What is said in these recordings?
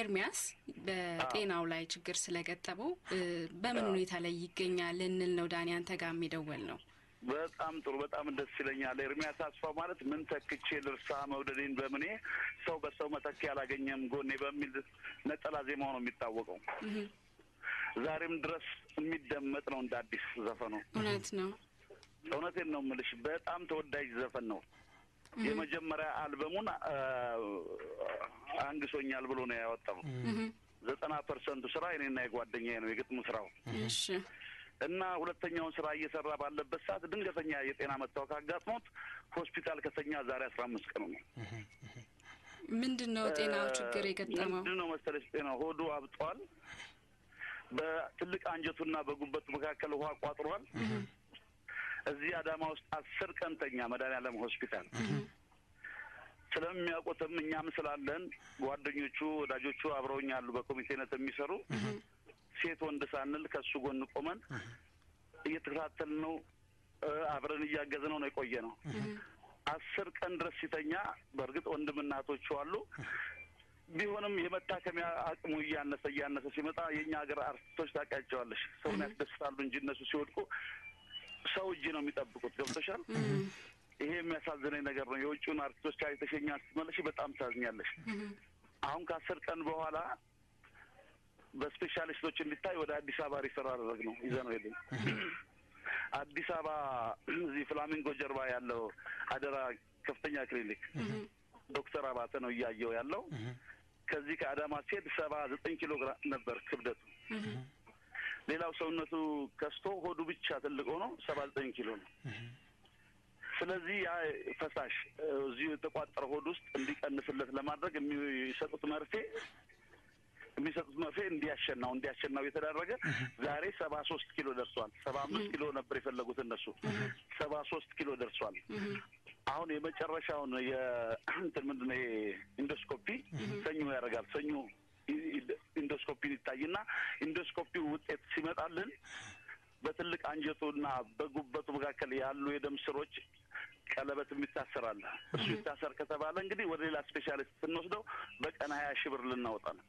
ኤርሚያስ በጤናው ላይ ችግር ስለገጠመው በምን ሁኔታ ላይ ይገኛል ልንል ነው። ዳኒ አንተ ጋር የሚደወል ነው። በጣም ጥሩ፣ በጣም ደስ ይለኛል። ኤርሚያስ አስፋው ማለት ምን ተክቼ ልርሳ መውደዴን በምኔ ሰው በሰው መተኪ አላገኘም ጎኔ በሚል ነጠላ ዜማው ነው የሚታወቀው። ዛሬም ድረስ የሚደመጥ ነው እንደ አዲስ ዘፈኑ። እውነት ነው፣ እውነቴን ነው የምልሽ። በጣም ተወዳጅ ዘፈን ነው። የመጀመሪያ አልበሙን አንግሶኛል ብሎ ነው ያወጣው። ዘጠና ፐርሰንቱ ስራ የኔና የጓደኛዬ ነው የግጥም ስራው እና ሁለተኛውን ስራ እየሰራ ባለበት ሰዓት ድንገተኛ የጤና መታወክ አጋጥሞት ሆስፒታል ከተኛ ዛሬ አስራ አምስት ቀኑ ነው። ምንድን ነው ጤናው ችግር የገጠመው? ምንድን ነው መሰለሽ ጤናው ሆዱ አብጧል። በትልቅ አንጀቱና በጉበቱ መካከል ውሃ ቋጥሯል። እዚህ አዳማ ውስጥ አስር ቀንተኛ ተኛ መድኃኔዓለም ሆስፒታል። ስለሚያውቁትም እኛም ስላለን ጓደኞቹ፣ ወዳጆቹ አብረውኝ አሉ በኮሚቴነት የሚሰሩ ሴት ወንድ ሳንል ከሱ ጎን ቆመን እየተከታተል ነው አብረን እያገዝ ነው ነው የቆየ ነው። አስር ቀን ድረስ ሲተኛ በእርግጥ ወንድም እናቶቹ አሉ። ቢሆንም የመታከሚያ አቅሙ እያነሰ እያነሰ ሲመጣ የእኛ ሀገር አርቲስቶች ታውቂያቸዋለሽ፣ ሰውን ያስደስታሉ እንጂ እነሱ ሲወድቁ ሰው እጅ ነው የሚጠብቁት። ገብቶሻል? ይሄ የሚያሳዝነኝ ነገር ነው። የውጭውን አርቲስቶች ጋር የተሸኘ ስትመለሽ በጣም ታዝኛለሽ። አሁን ከአስር ቀን በኋላ በስፔሻሊስቶች እንዲታይ ወደ አዲስ አበባ ሪፈር አደረግ ነው ይዘ ነው የለም አዲስ አበባ እዚህ ፍላሚንጎ ጀርባ ያለው አደራ ከፍተኛ ክሊኒክ ዶክተር አባተ ነው እያየው ያለው። ከዚህ ከአዳማ ሲሄድ ሰባ ዘጠኝ ኪሎ ግራም ነበር ክብደቱ። ሌላው ሰውነቱ ከስቶ ሆዱ ብቻ ትልቅ ሆኖ ሰባ ዘጠኝ ኪሎ ነው። ስለዚህ ያ ፈሳሽ እዚሁ የተቋጠረ ሆድ ውስጥ እንዲቀንስለት ለማድረግ የሚሰጡት መርፌ የሚሰጡት መርፌ እንዲያሸናው እንዲያሸናው የተደረገ ዛሬ ሰባ ሶስት ኪሎ ደርሷል። ሰባ አምስት ኪሎ ነበር የፈለጉት እነሱ ሰባ ሶስት ኪሎ ደርሷል። አሁን የመጨረሻውን የእንትን ምንድን ነው ኢንዶስኮፒ ሰኞ ያደርጋል ሰኞ ኢንዶስኮፒ ይታይና ኢንዶስኮፒው ውጤት ሲመጣልን በትልቅ አንጀቱና በጉበቱ መካከል ያሉ የደም ስሮች ቀለበት ይታሰራል። እሱ ይታሰር ከተባለ እንግዲህ ወደ ሌላ ስፔሻሊስት ስንወስደው በቀን ሀያ ሺህ ብር ልናወጣ ነው።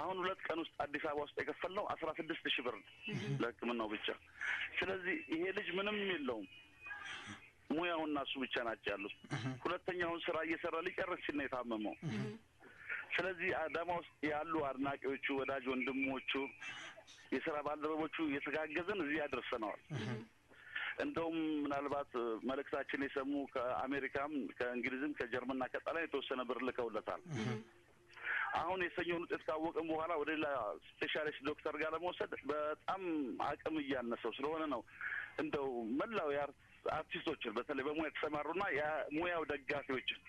አሁን ሁለት ቀን ውስጥ አዲስ አበባ ውስጥ የከፈልነው አስራ ስድስት ሺህ ብር ብቻ። ስለዚህ ይሄ ልጅ ምንም የለውም። ሙያውና እሱ ብቻ ናቸው ያሉት። ሁለተኛውን ስራ እየሰራ ሊጨርስ ሲል ነው የታመመው። ስለዚህ አዳማ ውስጥ ያሉ አድናቂዎቹ፣ ወዳጅ ወንድሞቹ፣ የስራ ባልደረቦቹ እየተጋገዘን እዚህ ያደርሰነዋል። እንደውም ምናልባት መልእክታችን የሰሙ ከአሜሪካም፣ ከእንግሊዝም፣ ከጀርመንና ከጣሊያን የተወሰነ ብር ልከውለታል። አሁን የሰኞውን ውጤት ካወቅም በኋላ ወደ ሌላ ስፔሻሊስት ዶክተር ጋር ለመውሰድ በጣም አቅም እያነሰው ስለሆነ ነው እንደው መላው የአርቲስቶችን በተለይ በሙያ የተሰማሩና የሙያው ደጋፊዎችን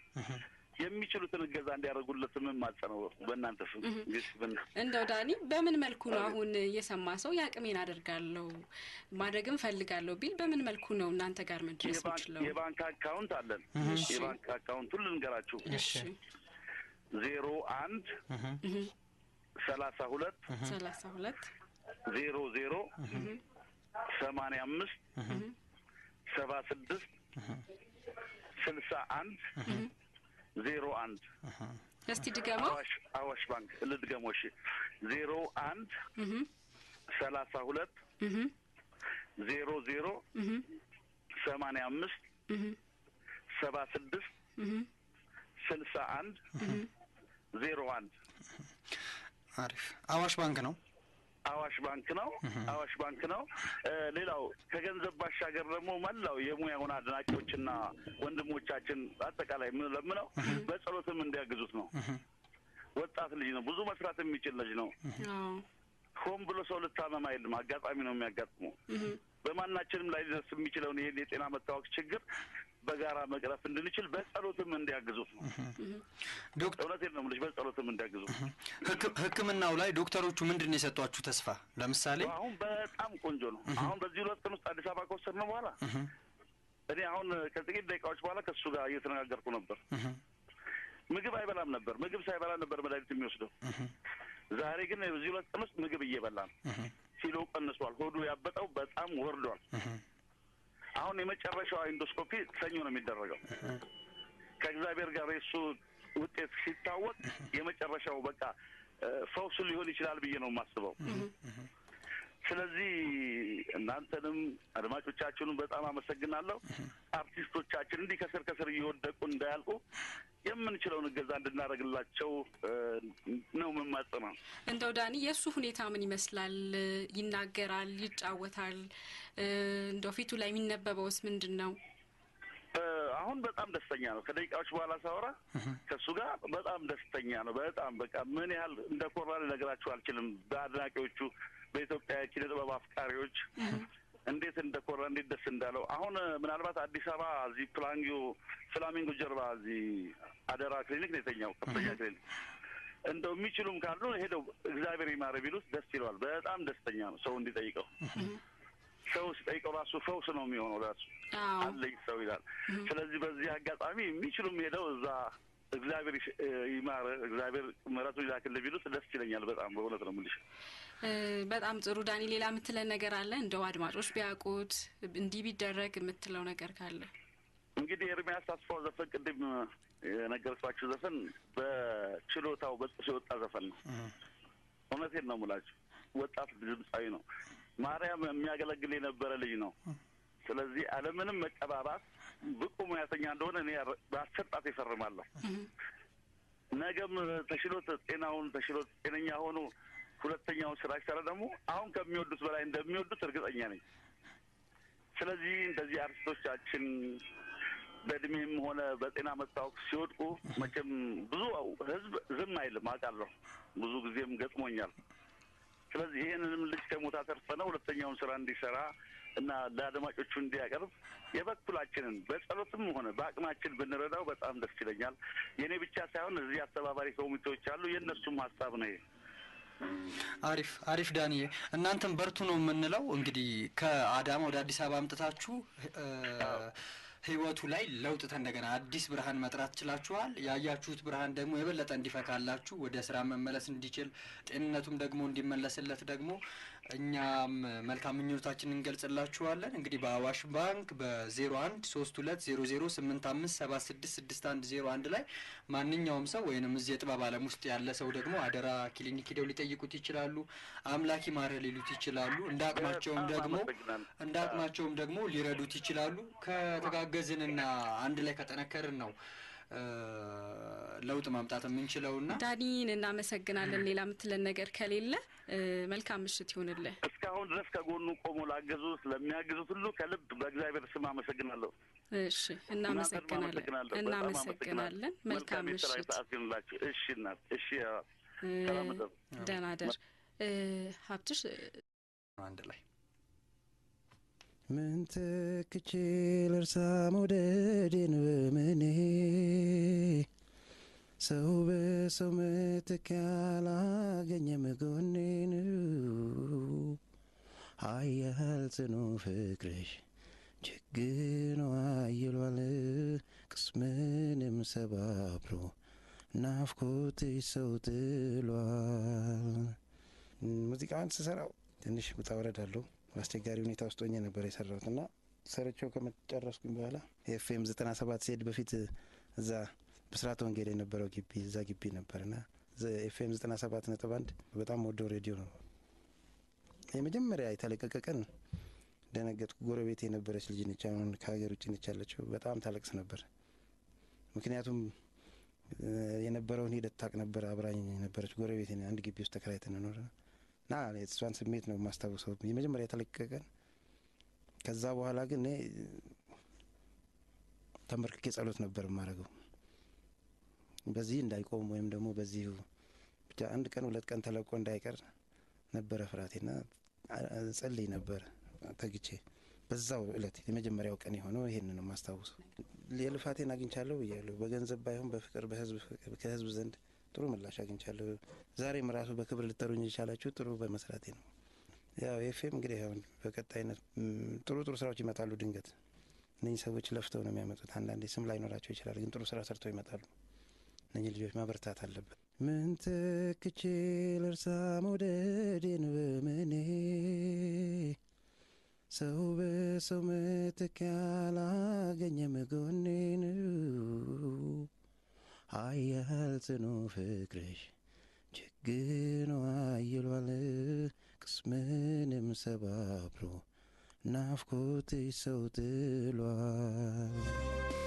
የሚችሉትን እገዛ እንዲያደርጉለት ማጸ ነው። በእናንተ እንደው ዳኒ በምን መልኩ ነው አሁን የሰማ ሰው የአቅሜን አደርጋለሁ ማድረግም ፈልጋለሁ ቢል በምን መልኩ ነው እናንተ ጋር መድረስ ችለው? የባንክ አካውንት አለን። የባንክ አካውንት ሁሉ ልንገራችሁ ዜሮ አንድ ሰላሳ ሁለት ሰላሳ ሁለት ዜሮ ዜሮ ሰማኒያ አምስት ሰባ ስድስት ስልሳ አንድ ዜሮ አንድ እስቲ ድገሞ አዋሽ ባንክ ልድገሞሽ ዜሮ አንድ ሰላሳ ሁለት ዜሮ ዜሮ ሰማንያ አምስት ሰባ ስድስት ስልሳ አንድ ዜሮ አንድ አሪፍ አዋሽ ባንክ ነው አዋሽ ባንክ ነው። አዋሽ ባንክ ነው። ሌላው ከገንዘብ ባሻገር ደግሞ መላው የሙያውን አድናቂዎችና ወንድሞቻችን አጠቃላይ ምን ለምነው በጸሎትም እንዲያግዙት ነው። ወጣት ልጅ ነው። ብዙ መስራት የሚችል ልጅ ነው። ሆን ብሎ ሰው ልታመም አይልም። አጋጣሚ ነው የሚያጋጥመው። በማናችንም ላይ ሊደርስ የሚችለውን ይህን የጤና መታወቅ ችግር በጋራ መቅረፍ እንድንችል በጸሎትም እንዲያግዙት ነው። እውነቴን ነው የምልሽ፣ በጸሎትም እንዲያግዙ። ሕክምናው ላይ ዶክተሮቹ ምንድን ነው የሰጧችሁ ተስፋ? ለምሳሌ አሁን በጣም ቆንጆ ነው። አሁን በዚህ ሁለት ቀን ውስጥ አዲስ አበባ ከወሰድነው በኋላ እኔ አሁን ከጥቂት ደቂቃዎች በኋላ ከእሱ ጋር እየተነጋገርኩ ነበር። ምግብ አይበላም ነበር። ምግብ ሳይበላ ነበር መድኃኒት የሚወስደው። ዛሬ ግን በዚህ ሁለት ቀን ውስጥ ምግብ እየበላ ነው። ኪሎ ቀንሷል። ሆዱ ያበጠው በጣም ወርዷል። አሁን የመጨረሻዋ ኢንዶስኮፒ ሰኞ ነው የሚደረገው። ከእግዚአብሔር ጋር የሱ ውጤት ሲታወቅ የመጨረሻው በቃ ፈውሱ ሊሆን ይችላል ብዬ ነው የማስበው። ስለዚህ እናንተንም አድማጮቻችሁንም በጣም አመሰግናለሁ። አርቲስቶቻችን እንዲህ ከስር ከስር እየወደቁ እንዳያልቁ የምንችለውን እገዛ እንድናደርግላቸው ነው የምማጽነው። እንደው ዳኒ የእሱ ሁኔታ ምን ይመስላል? ይናገራል፣ ይጫወታል? እንደው ፊቱ ላይ የሚነበበውስ ምንድን ነው? አሁን በጣም ደስተኛ ነው። ከደቂቃዎች በኋላ ሳወራ ከእሱ ጋር በጣም ደስተኛ ነው። በጣም በቃ ምን ያህል ኮራ ልነግራችሁ አልችልም። በአድናቂዎቹ በኢትዮጵያ የኪነ ጥበብ አፍቃሪዎች እንዴት እንደኮራ እንዴት ደስ እንዳለው አሁን ምናልባት አዲስ አበባ እዚህ ፕላንጊዮ ፍላሚንጎ ጀርባ እዚህ አደራ ክሊኒክ ነው የተኛው ከፍተኛ ክሊኒክ እንደው የሚችሉም ካሉ ሄደው እግዚአብሔር ይማረ ቢሉት ደስ ይለዋል። በጣም ደስተኛ ነው ሰው እንዲጠይቀው ሰው ሲጠይቀው ራሱ ፈውስ ነው የሚሆነው። ራሱ አለኝ ሰው ይላል። ስለዚህ በዚህ አጋጣሚ የሚችሉም ሄደው እዛ እግዚአብሔር ይማረ እግዚአብሔር ምሕረቱ ይላክል ቢሉት ደስ ይለኛል። በጣም በእውነት ነው የምልሽ። በጣም ጥሩ ዳኒ፣ ሌላ የምትለን ነገር አለ? እንደው አድማጮች ቢያውቁት እንዲህ ቢደረግ የምትለው ነገር ካለ እንግዲህ ኤርሚያስ አስፋው ዘፈን ቅድም የነገርኳችሁ ዘፈን በችሎታው በጽፍ የወጣ ዘፈን ነው። እውነቴን ነው የምላችሁ። ወጣት ድምፃዊ ነው። ማርያም የሚያገለግል የነበረ ልጅ ነው። ስለዚህ አለምንም መቀባባት ብቁ ሙያተኛ እንደሆነ እኔ በአሰጣት ይፈርማለሁ። ነገም ተሽሎት ጤናውን ተሽሎት ጤነኛ ሆኖ ሁለተኛውን ስራ ይሰራ ደግሞ አሁን ከሚወዱት በላይ እንደሚወዱት እርግጠኛ ነኝ። ስለዚህ እንደዚህ አርቲስቶቻችን በእድሜም ሆነ በጤና መታወክ ሲወድቁ መቼም ብዙ ህዝብ ዝም አይልም፣ አውቃለሁ። ብዙ ጊዜም ገጥሞኛል። ስለዚህ ይህንንም ልጅ ከሞት አተርፈነ ሁለተኛውን ስራ እንዲሰራ እና ለአድማጮቹ እንዲያቀርብ የበኩላችንን በጸሎትም ሆነ በአቅማችን ብንረዳው በጣም ደስ ይለኛል። የእኔ ብቻ ሳይሆን እዚህ አስተባባሪ ኮሚቴዎች አሉ። የእነሱም ሀሳብ ነው። አሪፍ አሪፍ ዳንዬ፣ እናንተም በርቱ ነው የምንለው። እንግዲህ ከአዳማ ወደ አዲስ አበባ አምጥታችሁ ህይወቱ ላይ ለውጥ እንደገና አዲስ ብርሃን መጥራት ችላችኋል። ያያችሁት ብርሃን ደግሞ የበለጠ እንዲፈካላችሁ ወደ ስራ መመለስ እንዲችል ጤንነቱም ደግሞ እንዲመለስለት ደግሞ እኛም መልካም ምኞታችንን እንገልጽላችኋለን። እንግዲህ በአዋሽ ባንክ በ01 ላይ ማንኛውም ሰው ወይንም እዚህ የጥበብ ዓለም ውስጥ ያለ ሰው ደግሞ አደራ ክሊኒክ ሂደው ሊጠይቁት ይችላሉ። አምላኪ ማረ ሊሉት ይችላሉ። እንደ አቅማቸውም ደግሞ እንደ አቅማቸውም ደግሞ ሊረዱት ይችላሉ። ከተጋገዝንና አንድ ላይ ከጠነከርን ነው ለውጥ ማምጣት የምንችለው ና ዳኒን እናመሰግናለን። ሌላ የምትለን ነገር ከሌለ መልካም ምሽት ይሁንልህ። እስካሁን ድረስ ከጎኑ ቆሞ ላገዙ ስለሚያግዙት ሁሉ ከልብ በእግዚአብሔር ስም አመሰግናለሁ። እሺ፣ እናመሰግናለን እናመሰግናለን። መልካም ምሽት ሰዓት። እሺ እናት፣ እሺ ደህና ደር ሀብትሽ አንድ ላይ ምን ተክቼ ልርሳ መውደድን በምኔ ሰው በሰው ምትክ ያላገኘ ጎኔን ኃያል ጽኑ ፍቅርሽ ጀግኖ አይሏል ቅስምንም ሰባብሮ ናፍቆትሽ ሰው ጥሏል። ሙዚቃውን ስሰራው ትንሽ ውጣ ወረዳለሁ አለው። በአስቸጋሪ ሁኔታ ውስጥ ሆኜ ነበር የሰራሁት እና ሰርቼው ከመጨረስኩኝ በኋላ ኤፍኤም ዘጠና ሰባት ሲሄድ በፊት እዛ ብስራት ወንጌል የነበረው ግቢ እዛ ግቢ ና ኤፍኤም ዘጠና ሰባት ነጥብ አንድ በጣም ወደው ሬዲዮ ነው። የመጀመሪያ የተለቀቀ ቀን ደነገጥኩ። ጎረቤት የነበረች ልጅ ነች፣ አሁን ከሀገር ውጭ ነች ያለችው። በጣም ታለቅስ ነበር፣ ምክንያቱም የነበረውን ሂደት ታቅ ነበር። አብራኝ የነበረች ጎረቤት፣ አንድ ግቢ ውስጥ ተከራይተን ኖረ እና የእሷን ስሜት ነው የማስታውሰው የመጀመሪያ የተለቀቀን። ከዛ በኋላ ግን ተንበርክኬ ጸሎት ነበር የማደርገው በዚህ እንዳይቆም ወይም ደግሞ በዚሁ ብቻ አንድ ቀን ሁለት ቀን ተለቆ እንዳይቀር ነበረ ፍራቴና ጸልይ ነበር ተግቼ በዛው እለት የመጀመሪያው ቀን የሆነው ይሄን ነው የማስታውሰው። የልፋቴን አግኝቻለሁ ብያለሁ። በገንዘብ ባይሆን በፍቅር ከህዝብ ዘንድ ጥሩ ምላሽ አግኝቻለሁ። ዛሬም ራሱ በክብር ልጠሩኝ የቻላችሁ ጥሩ በመስራቴ ነው። ያው ኤፍኤም እንግዲህ አሁን በቀጣይነት ጥሩ ጥሩ ስራዎች ይመጣሉ። ድንገት እነኚህ ሰዎች ለፍተው ነው የሚያመጡት። አንዳንዴ ስም ላይኖራቸው ይችላል፣ ግን ጥሩ ስራ ሰርተው ይመጣሉ። እነኚህ ልጆች ማበርታት አለበት። ምን ተክቼ ልርሳ መውደዴን በምኔ ሰው በሰው ምትክ ኃያል ጽኑ ፍቅርሽ ጀግኖ አይሏል ቅስምንም ሰባብሮ ናፍቆትሽ ሰው ጥሏል።